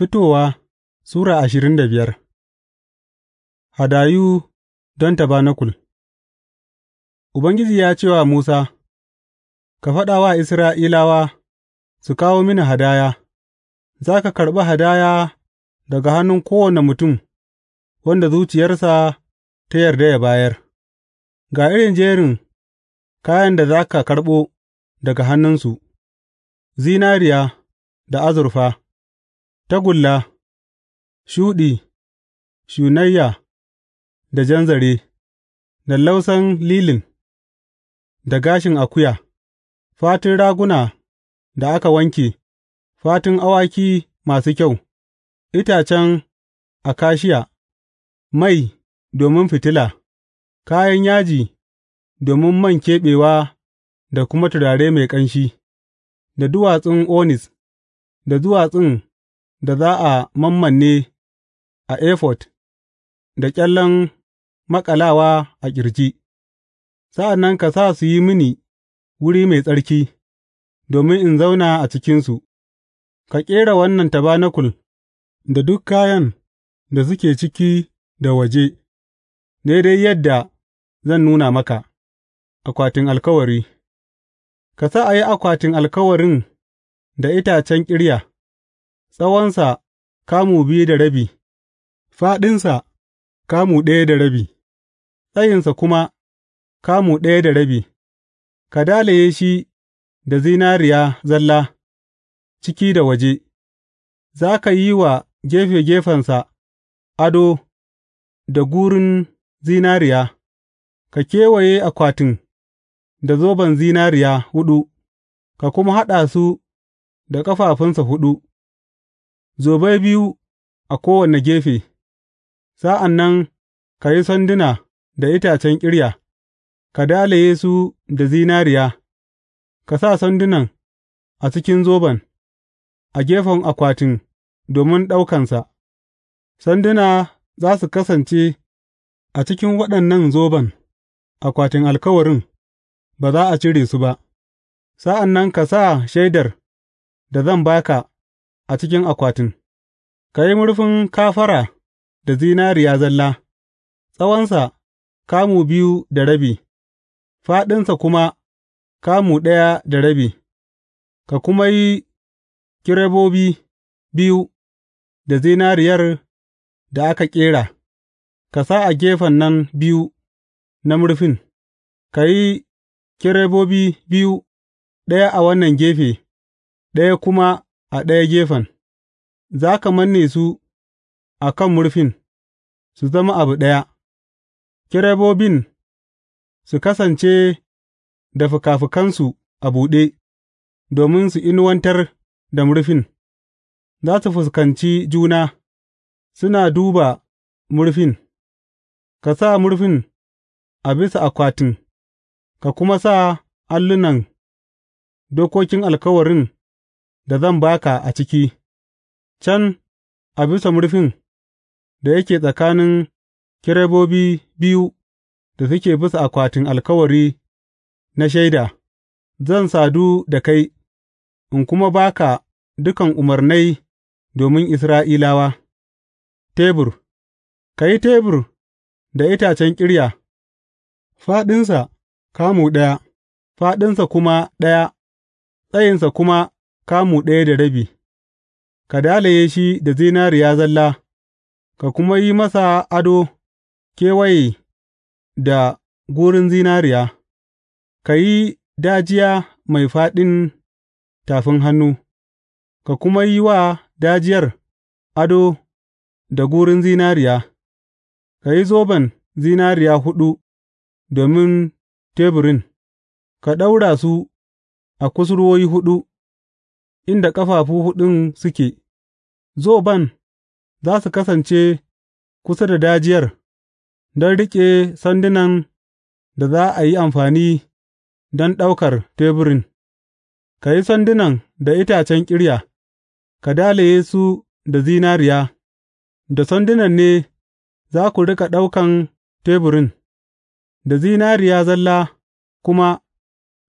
Fitowa Sura ashirin da biyar Hadayu don tabanakul Ubangiji ya ce wa Musa, Ka faɗa wa Isra'ilawa su kawo mini hadaya, za ka karɓi hadaya daga hannun kowane mutum wanda zuciyarsa ta yarda ya bayar, ga irin jerin kayan da za ka karɓo daga hannunsu, zinariya da azurfa. tagulla, shuɗi, shunayya da jan zare, lausan lilin, da gashin akuya, fatin raguna da aka wanke, fatin awaki masu kyau, itacen akashiya, mai domin fitila, kayan yaji domin man keɓewa da kuma turare mai ƙanshi, da duwatsun onis, da duwatsun da za a mammanne a efod da ƙyallen maƙalawa a ƙirji, sa'an nan ka sa su yi mini wuri mai tsarki, domin in zauna a cikinsu, ka ƙera wannan tabanakul da duk kayan da suke ciki da waje, daidai yadda zan nuna maka, akwatin alkawari, ka sa a yi akwatin alkawarin da itacen ƙirya. tsawonsa kamu biyu da rabi, fāɗinsa kamu ɗaya da rabi, tsayinsa kuma kamu ɗaya da rabi, ka dalaye shi da zinariya zalla, ciki da waje, za ka yi wa gefe gefensa ado da gurin zinariya, ka kewaye akwatin da zoben zinariya huɗu, ka kuma haɗa su da ƙafafunsa huɗu. zobai biyu a kowane gefe, sa'an nan ka yi sanduna da itacen ƙirya, ka dalaye su da zinariya, ka sa sandunan a cikin zoban, a gefen akwatin domin ɗaukansa, sanduna za su kasance a cikin waɗannan zoban akwatin alkawarin, ba za a cire su ba, sa'an nan ka sa shaidar da zan ba ka a cikin akwatin. Ka yi murfin kafara da zinariya zalla, tsawonsa kamu biyu da rabi, fāɗinsa kuma kamu ɗaya da rabi, ka kuma yi kirebobi biyu da zinariyar da aka ƙera, ka sa a gefen nan biyu na murfin, ka yi kirebobi biyu, ɗaya a wannan gefe, ɗaya kuma a ɗaya gefen. za ka manne su a kan murfin, su zama abu ɗaya, kirabobin su kasance da fikafikansu a buɗe, domin su inuwantar da murfin, za su fuskanci juna, suna duba murfin, ka sa murfin a bisa akwatin, ka kuma sa allunan dokokin alkawarin da zan ba ka a ciki. Can a bisa murfin da yake tsakanin kerubobi biyu da suke bisa akwatin alkawari na Shaida, zan sadu da kai in kuma ba ka dukan umarnai domin Isra'ilawa, tebur Ka yi tebur da itacen ƙirya, Faɗinsa kamu ɗaya, Faɗinsa kuma ɗaya, tsayinsa kuma kamu ɗaya da rabi. ka dalaye shi da zinariya zalla, ka kuma yi masa ado kewaye da gurin zinariya, ka yi dajiya mai fāɗin tafin hannu, ka kuma yi wa dajiyar ado da gurin zinariya, ka yi zoban zinariya huɗu domin teburin, ka ɗaura su a kusurwoyi huɗu. inda ƙafafu huɗun suke, zoban za su kasance kusa da dajiyar don riƙe sandunan da za a yi amfani don ɗaukar teburin, ka yi sandunan da itacen ƙirya, ka dalaye su da zinariya, da sandunan ne za ku riƙa ɗaukan teburin, da zinariya zalla kuma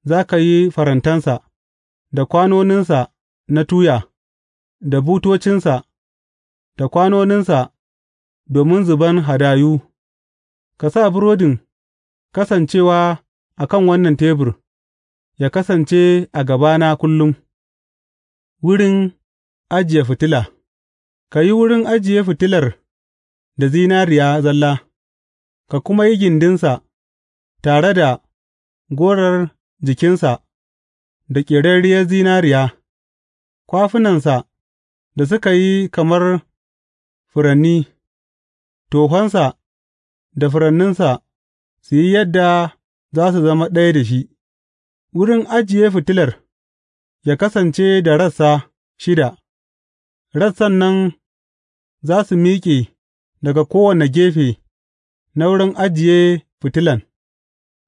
za ka yi farantansa, da kwanoninsa na tuya, da butocinsa, da kwanoninsa domin zuban hadayu, ka sa burodin kasancewa a kan wannan tebur, ya kasance a gabana kullum, wurin ajiye fitila Ka yi wurin ajiye fitilar da zinariya zalla, ka kuma yi gindinsa tare da gorar jikinsa da ƙerarriyar zinariya. Kwafunansa da suka yi kamar furanni, tohonsa da furanninsa su yi yadda za su zama ɗaya da shi, wurin ajiye fitilar ya kasance da rassa shida, rassan nan za su miƙe daga kowane gefe na wurin ajiye fitilan,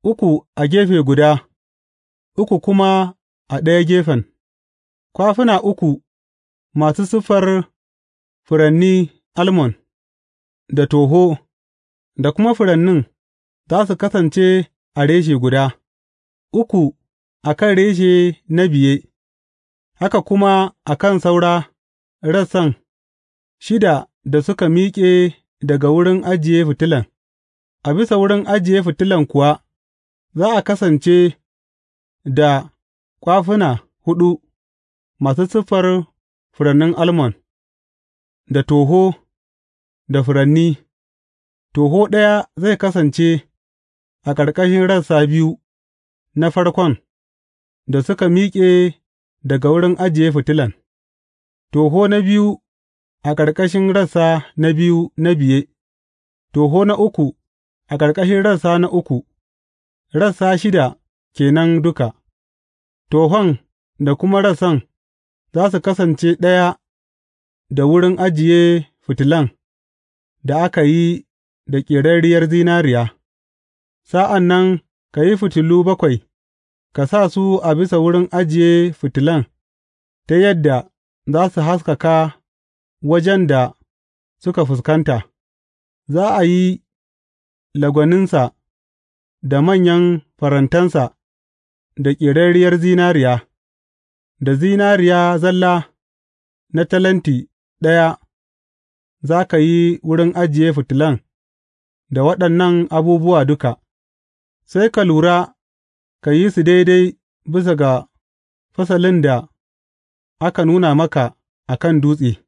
uku a gefe guda, uku kuma a ɗaya gefen. kwafuna uku masu siffar furanni almon da toho, da kuma furannin, za su kasance a reshe guda, uku a kan reshe na biye, haka kuma a kan saura rassan shida da suka miƙe daga wurin ajiye fitilan, a bisa wurin ajiye fitilan kuwa za a kasance da kwafuna huɗu. masu siffar furannin almon, da toho, da furanni, toho ɗaya zai kasance a ƙarƙashin rassa biyu na farkon da suka miƙe daga wurin ajiye fitilan, toho na biyu a ƙarƙashin rassa na biyu na biye, toho na uku a ƙarƙashin rassa na uku, rassa shida kenan duka, tohon da kuma rassan. za su kasance ɗaya da wurin ajiye fitilan da aka yi da ƙerarriyar zinariya, sa'an nan ka yi fitilu bakwai, ka sa su a bisa wurin ajiye fitilan ta yadda za su haskaka wajen da suka fuskanta, za a yi lagwaninsa da manyan farantansa da ƙerarriyar zinariya. da zinariya zalla na talenti ɗaya za ka yi wurin ajiye fitilan da waɗannan abubuwa duka, sai ka lura ka yi su daidai bisa ga fasalin da aka nuna maka a kan dutse.